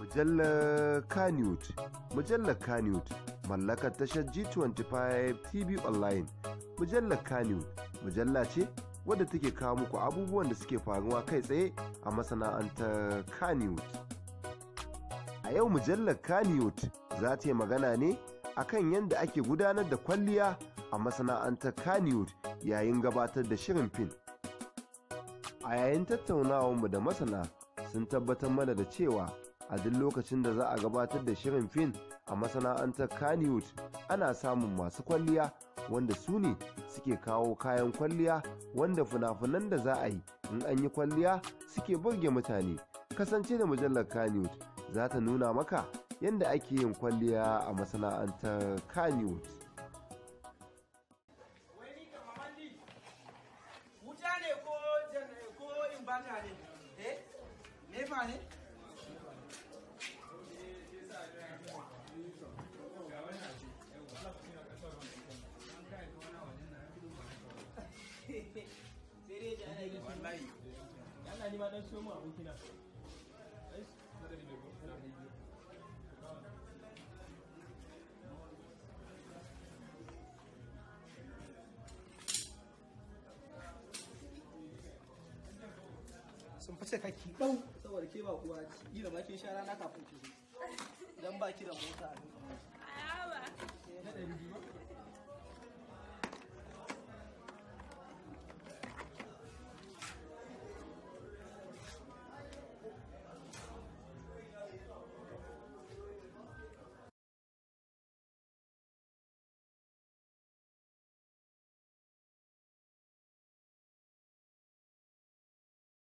Mujallar Kanewt Mujallar Kanewt mallakar tashar G25 TV Online Mujallar Kanewt mujalla ce wadda take kawo muku abubuwan da suke faruwa kai tsaye a masana'antar Kanewt. A yau mujallar Kanewt za ta yi magana ne akan yadda ake gudanar da kwalliya a masana'antar Kannywood yayin gabatar da shirin fim. A yayin tattaunawarmu da masana sun tabbatar mana da cewa a duk lokacin da za a gabatar da shirin fim a masana'antar Kannywood ana samun masu kwalliya wanda su ne suke kawo kayan kwalliya wanda fina-finan da za a yi in an yi kwalliya suke burge mutane. Kasance da mujallar Kannywood za ta nuna maka yadda ake yin kwalliya a masana'antar Kannywood. Eh? ne? Sai dai ji ana yi. Wallahi. ni ma dan so mu abokina. sun fi ka ki dau saboda ke ba kuwa ki da ma kin sha rana kafin ki zo dan ba ki da mota a duk